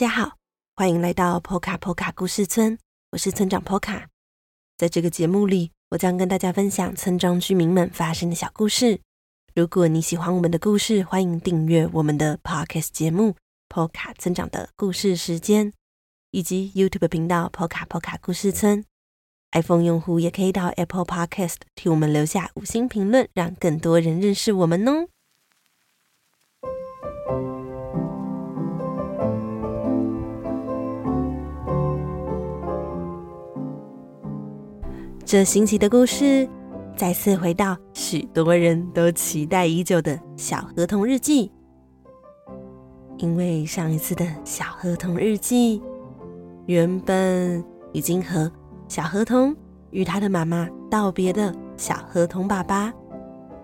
大家好，歡迎來到波卡波卡故事村，我是村長波卡。在這個節目裡，我將跟大家分享村莊居民們發生的小故事。如果你喜歡我們的故事，歡迎訂閱我們的 Podcast 節目《波卡村長的故事時間》，以及 YouTube 頻道《波卡波卡故事村》。iPhone 用戶也可以到 Apple Podcast 替我們留下五星評論，讓更多人認識我們哦。這星期的故事再次回到許多人都期待已久的小河童日記，因為上一次的小河童日記，原本已經和小河童與他的媽媽道別的小河童爸爸，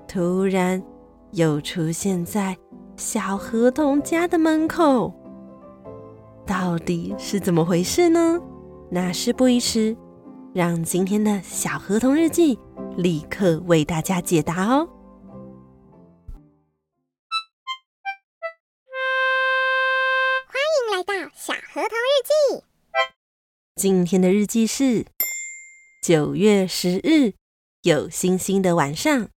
突然又出現在小河童家的門口，到底是怎麼回事呢？那事不宜遲。讓今天的小河童日記立刻為大家解答哦！歡迎來到小河童日記。今天的日記是九月十日，有星星的晚上。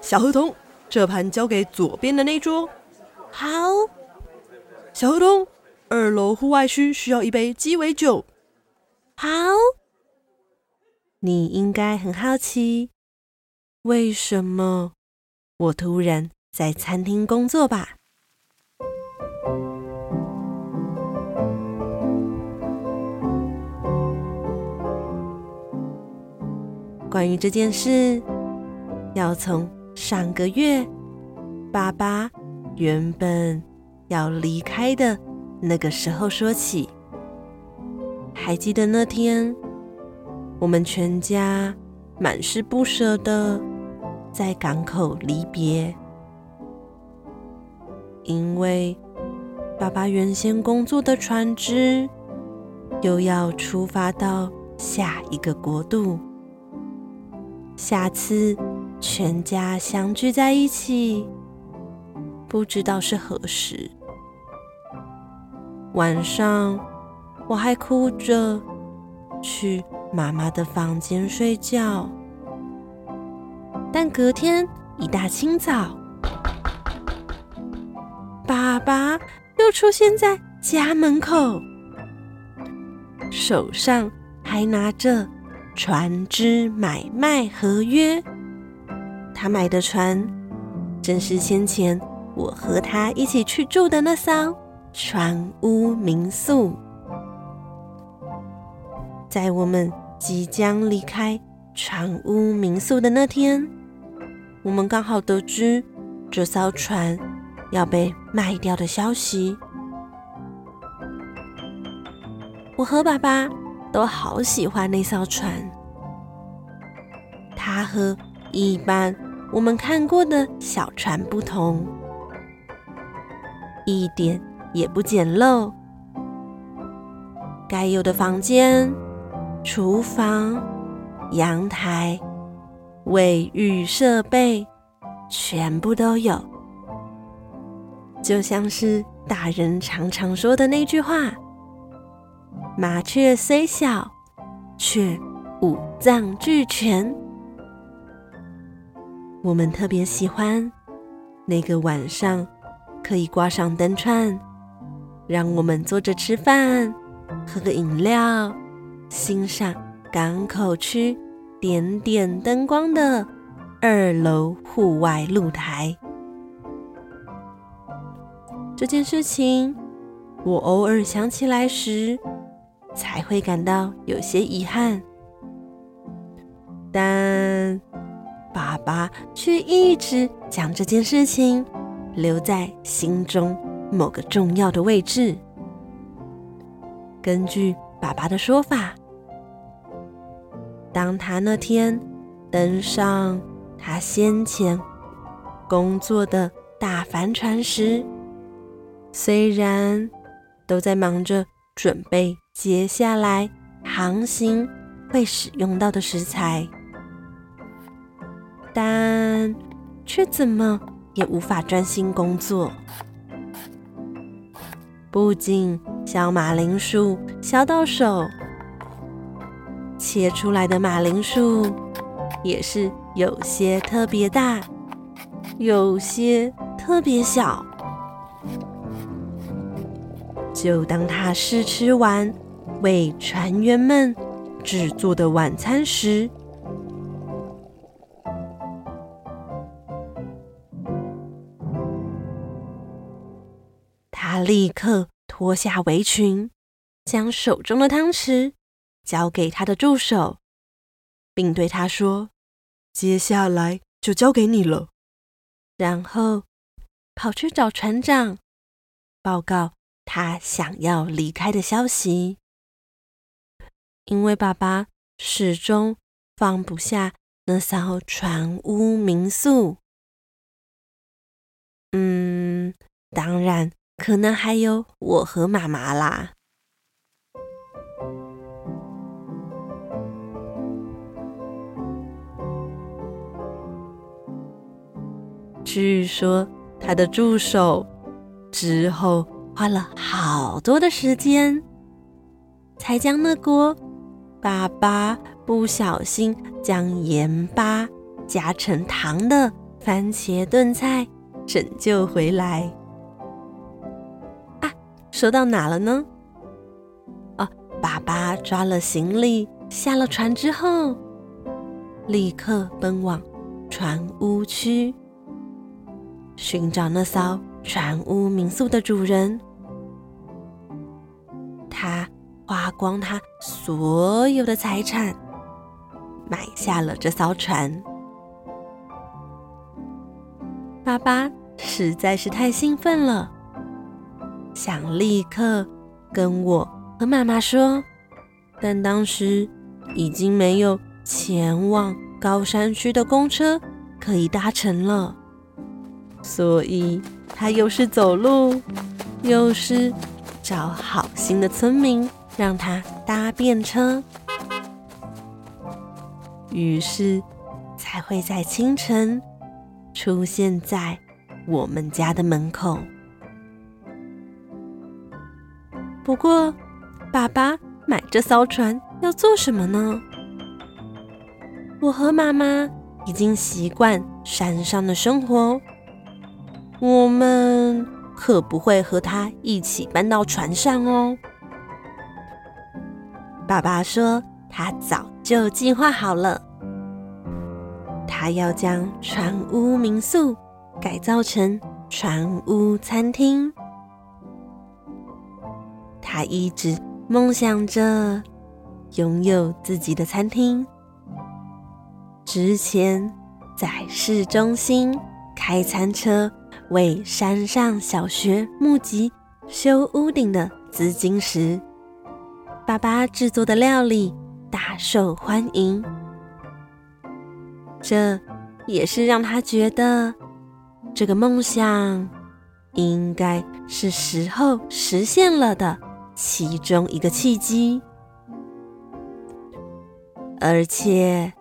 小河童，這盤交給左邊的那桌。好。小河童，二樓戶外區需，需要一杯雞尾酒。好，你應該很好奇，為什麼我突然在餐廳工作吧？關於這件事，要從上個月爸爸原本，要離開的那個時候說起，還記得那天，我們全家滿是不捨的在港口離別，因為爸爸原先工作的船隻又要出發到下一個國度。下次全家相聚在一起，不知道是何時。晚上我還哭着去媽媽的房間睡覺，但隔天一大清早，爸爸又出現在家門口，手上還拿着船隻買賣合約。他買的船正是先前我和他一起去住的那艘。船屋民宿。在我們即將離開船屋民宿的那天，我們剛好得知這艘船要被賣掉的消息。我和爸爸都好喜歡那艘船，它和一般我們看過的小船不同一點。也不簡陋，該有的房間、廚房、陽台、衛浴設備全部都有，就像是大人常常說的那句話：“麻雀雖小，卻五臟俱全。”我們特別喜歡那個晚上可以掛上燈串讓我們坐着吃飯，喝個飲料，欣賞港口區點點燈光的二樓戶外露台。這件事情，我偶爾想起來時，才會感到有些遺憾。但爸爸卻一直將這件事情留在心中。某個重要的位置。根據爸爸的說法，當他那天登上他先前工作的大帆船時，雖然都在忙着準備接下來航行會使用到的食材，但卻怎麼也無法專心工作。不僅削馬鈴薯削到手，切出來的馬鈴薯也是有些特別大，有些特別小。就當他試吃完為船員們製作的晚餐時。立刻脫下圍裙，將手中的湯匙交給他的助手，並對他說：“接下來就交給你了。”然後跑去找船長，報告他想要離開的消息，因為爸爸始終放不下那艘船屋民宿。嗯，當然。可能還有我和媽媽啦。據說他的助手之後花了好多的時間，才將那鍋爸爸不小心將鹽巴加成糖的番茄燉菜拯救回來。說到哪了呢？哦、啊，爸爸抓了行李，下了船之後，立刻奔往船屋區，尋找那艘船屋民宿的主人。他花光他所有的財產，買下了這艘船。爸爸實在是太興奮了。想立刻跟我和媽媽說，但當時已經沒有前往高山區的公車可以搭乘了，所以他又是走路，又是找好心的村民讓他搭便車，於是才會在清晨出現在我們家的門口。不過，爸爸買這艘船要做什麼呢？我和媽媽已經習慣山上的生活，我們可不會和他一起搬到船上哦。爸爸說他早就計劃好了，他要將船屋民宿改造成船屋餐廳。他一直夢想着擁有自己的餐廳。之前在市中心開餐車，為山上小學募集修屋頂的資金時，爸爸制作的料理大受歡迎。這也是讓他覺得這個夢想應該是時候實現了的其中一個契機，而且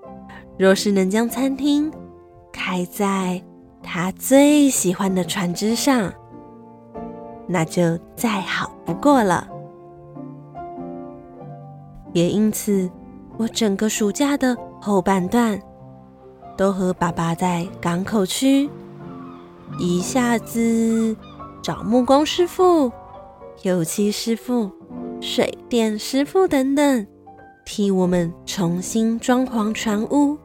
若是能將餐廳開在他最喜歡的船隻上，那就再好不過了。也因此，我整個暑假的後半段都和爸爸在港口區一下子找木工師傅，油漆師傅、水電師傅等等，替我們重新裝潢船屋。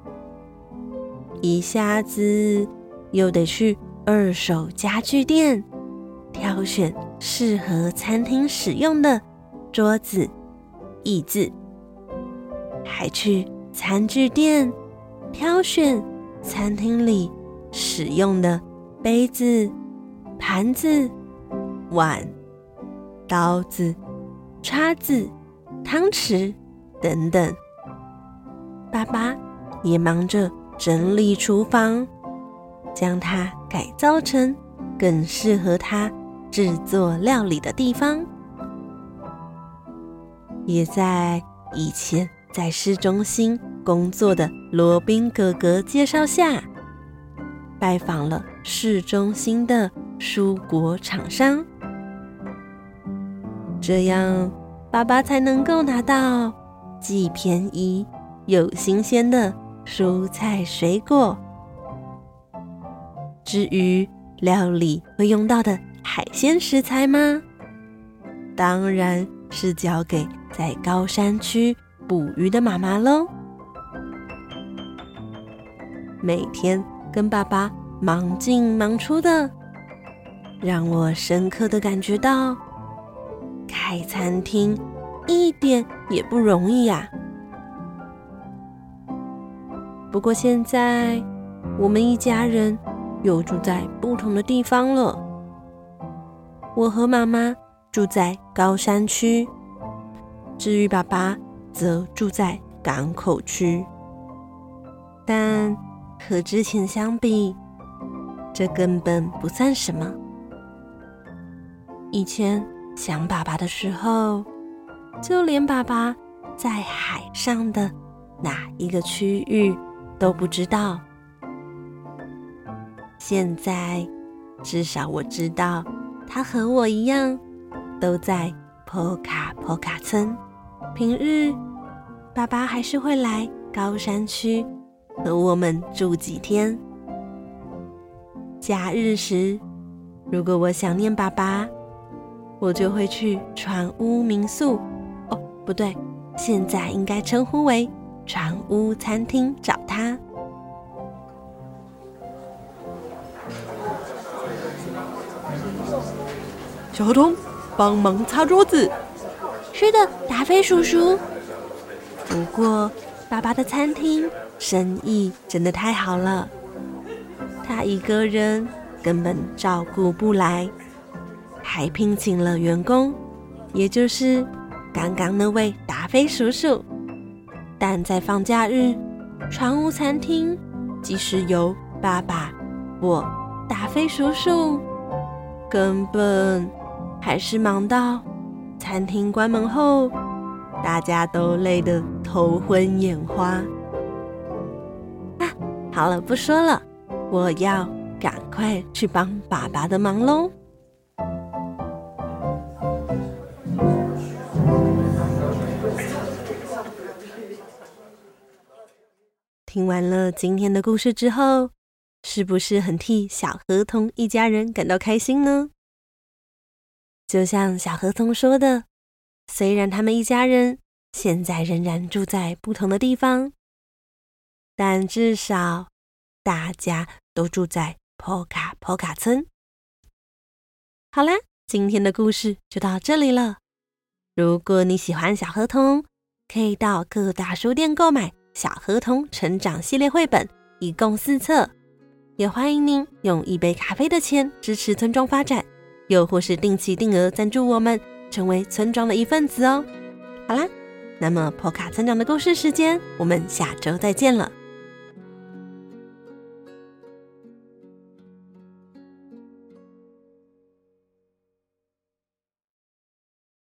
一下子又得去二手家具店挑選適合餐廳使用的桌子、椅子，還去餐具店挑選餐廳裡使用的杯子、盤子、碗。刀子、叉子、湯匙等等，爸爸也忙着整理廚房，將它改造成更適合他製作料理的地方。也在以前在市中心工作的羅賓哥哥介紹下，拜訪了市中心的蔬果廠商。這樣，爸爸才能夠拿到既便宜又新鮮的蔬菜水果。至於料理會用到的海鮮食材嗎？當然是交給在高山區捕魚的媽媽嘍。每天跟爸爸忙進忙出的，讓我深刻的感覺到。開餐廳一點也不容易呀。不過現在我們一家人又住在不同的地方了。我和媽媽住在高山區，至於爸爸則住在港口區。但和之前相比，這根本不算什麼。以前。想爸爸的時候，就連爸爸在海上的哪一個區域都不知道。現在，至少我知道他和我一樣，都在坡卡坡卡村。平日，爸爸還是會來高山區和我們住幾天。假日時，如果我想念爸爸，我就會去船屋民宿。哦，不對，現在應該稱呼為船屋餐廳，找他。小河童，幫忙擦桌子。是的，達菲叔叔。不過爸爸的餐廳生意真的太好了，他一個人根本照顧不來。還聘請了員工，也就是剛剛那位達飛叔叔。但在放假日，船屋餐廳即使有爸爸、我、達飛叔叔，根本還是忙到餐廳關門後，大家都累得頭昏眼花。啊，好了，不說了，我要趕快去幫爸爸的忙嘍。聽完了今天的故事之後，是不是很替小河童一家人感到開心呢？就像小河童說的，雖然他們一家人現在仍然住在不同的地方，但至少大家都住在波卡波卡村。好啦，今天的故事就到這裡了。如果你喜歡小河童，可以到各大書店購買。小河童成長系列繪本一共四冊，也歡迎您用一杯咖啡的錢支持村莊發展，又或是定期定額贊助我們，成為村莊的一份子哦。好啦，那麼波卡村長的故事時間，我們下周再見了。